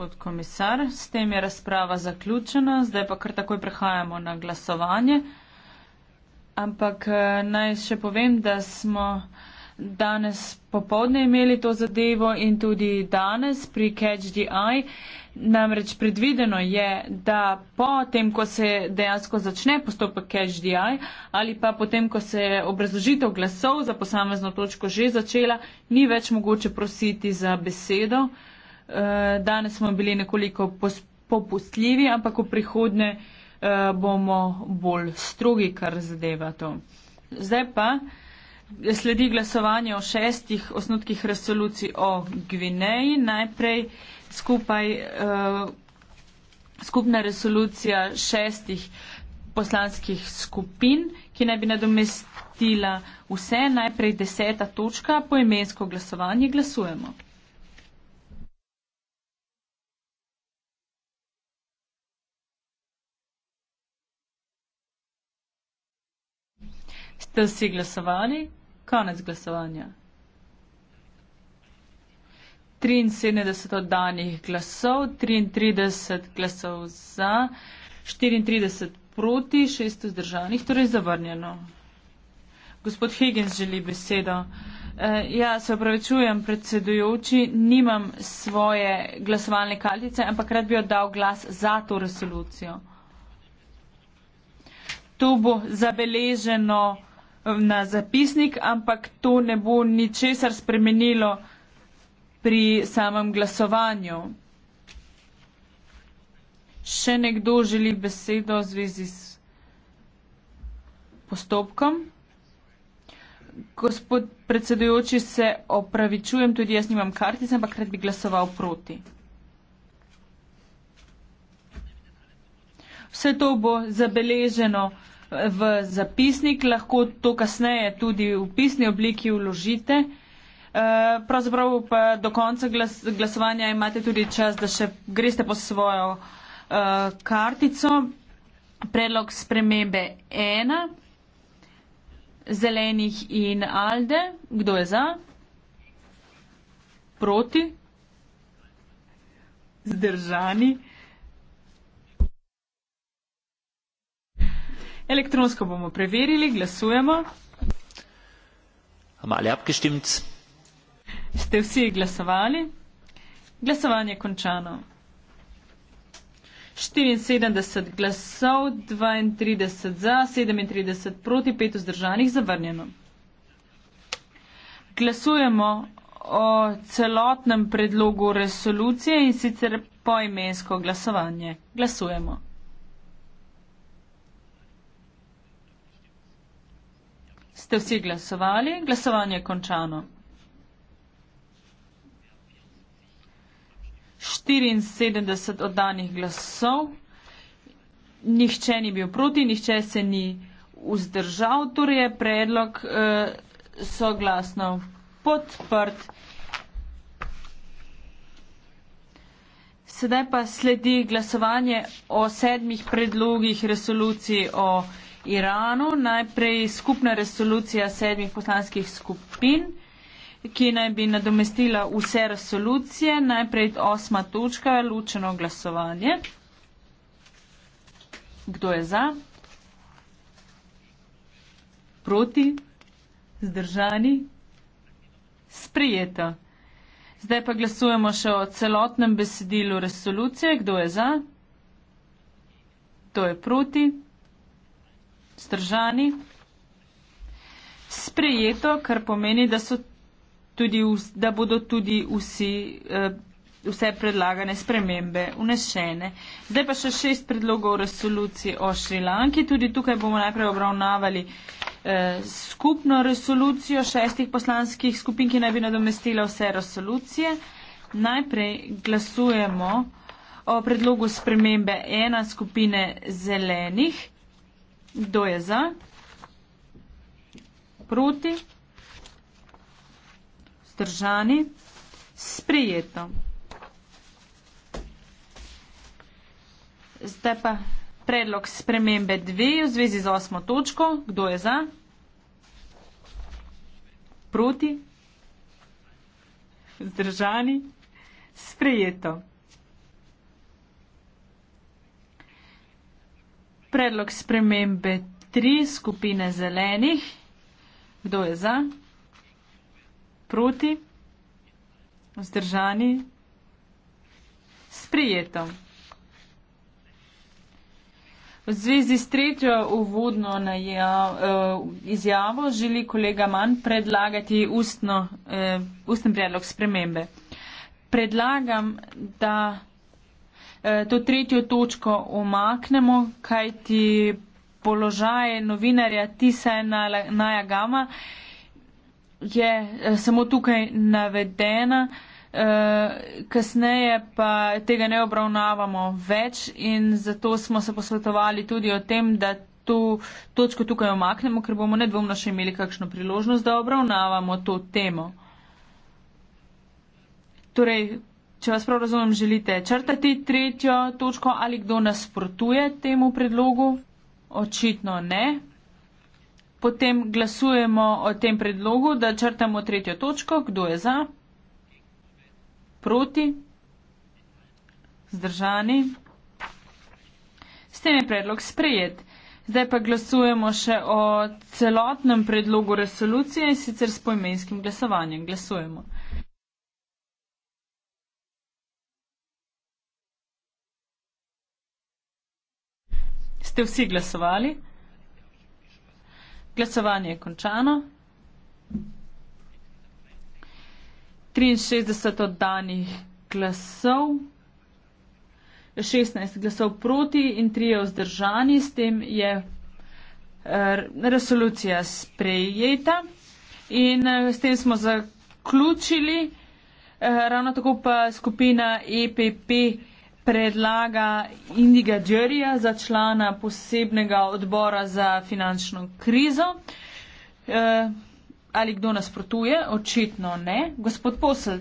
gospod komisar. S tem je razprava zaključena, zdaj pa kar takoj prehajamo na glasovanje. Ampak eh, naj še povem, da smo danes popovdne imeli to zadevo in tudi danes pri Catch the Eye. Namreč predvideno je, da po tem, ko se dejansko začne postopek Catch the Eye ali pa potem, ko se je obrazložitev glasov za posamezno točko že začela, ni več mogoče prositi za besedo. Uh, Eh, danes smo bili nekoliko popustljivi, ampak v prihodnje eh, bomo bolj strogi, kar zadeva to. Zdaj pa eh, sledi glasovanje o šestih osnutkih resolucij o Gvineji. Najprej skupaj skupna resolucija šestih poslanskih skupin, ki naj bi nadomestila vse. Najprej deseta točka, poimensko glasovanje glasujemo. Ste vsi glasovali? Konec glasovanja. 73 oddanih glasov, 33 glasov za, 34 proti, 6 vzdržanih, torej zavrnjeno. Gospod Higgins želi besedo. E, ja, se opravičujem, predsedujoči, nimam svoje glasovalne kartice, ampak rad bi oddal glas za to resolucijo. To bo zabeleženo na zapisnik, ampak to ne bo ničesar spremenilo pri samem glasovanju. Še nekdo želi besedo v zvezi s postopkom? Gospod predsedujoči, se opravičujem, tudi jaz nimam kartice, ampak rad bi glasoval proti. Vse to bo zabeleženo v zapisnik, lahko to kasneje tudi v pisni obliki uložite. Eh, pravzaprav pa do konca glas, glasovanja imate tudi čas, da še greste po svojo eh, kartico. Predlog spremembe 1, zelenih in alde, kdo je za? Proti? Zdržani. Elektronsko bomo preverili, glasujemo. Ste vsi glasovali? Glasovanje je končano. 74 glasov, 32 za, 37 proti, 5 vzdržanih, zavrnjeno. Glasujemo o celotnem predlogu resolucije in sicer poimensko glasovanje. Glasujemo. Ste vsi glasovali? Glasovanje je končano. 74 oddanih glasov, nihče ni bil proti, nihče se ni vzdržal, torej je predlog eh, soglasno podprt. Sedaj pa sledi glasovanje o sedmih predlogih resolucij o Iranu. Najprej skupna resolucija sedmih poslanskih skupin, ki naj bi nadomestila vse resolucije. Najprej osma točka, lučeno glasovanje. Kdo je za? Proti? Zdržani? Sprijeta. Zdaj pa glasujemo še o celotnem besedilu resolucije. Kdo je za? Kdo je proti? vzdržani. Sprejeto, kar pomeni, da, tudi, da bodo tudi vsi, eh, vse predlagane spremembe unešene. Zdaj pa še šest predlogov resolucij o Šrilanki. Tudi tukaj bomo najprej obravnavali eh, skupno resolucijo šestih poslanskih skupin, ki naj bi nadomestila vse resolucije. Najprej glasujemo o predlogu spremembe ena skupine zelenih. Kdo je za? Proti? Zdržani? Sprijeto. Zdaj pa predlog spremembe 2 v zvezi z osmo točko. Kdo je za? Proti? Zdržani? Sprijeto. predlog spremembe tri skupine zelenih. Kdo je za? Proti? Vzdržani? Sprijeto. V zvezi s tretjo uvodno eh, izjavo želi kolega Mann predlagati ustno, eh, ustni predlog spremembe. Predlagam, da Eh, to tretjo točko omaknemo, kaj ti položaje novinarja Tisa in Naja Gama je eh, samo tukaj navedena. Uh, kasneje pa tega ne obravnavamo več in zato smo se posvetovali tudi o tem, da to točko tukaj omaknemo, ker bomo nedvomno še imeli kakšno priložnost, da obravnavamo to temo. Torej, če vas prav razumem, želite črtati tretjo točko ali kdo nasprotuje temu predlogu? Očitno ne. Potem glasujemo o tem predlogu, da črtamo tretjo točko. Kdo je za? Proti? Zdržani? S tem je predlog sprejet. Zdaj pa glasujemo še o celotnem predlogu resolucije, sicer s poimenskim glasovanjem. Glasujemo. Ste vsi glasovali? Glasovanje je končano. 63 oddanih glasov, 16 glasov proti in 3 vzdržani, s tem je eh, resolucija sprejeta. In eh, s tem smo zaključili, eh, ravno tako pa skupina EPP predlaga Indiga Džerija za člana posebnega odbora za finančno krizo. E, ali kdo nasprotuje? Očitno ne. Gospod Posel.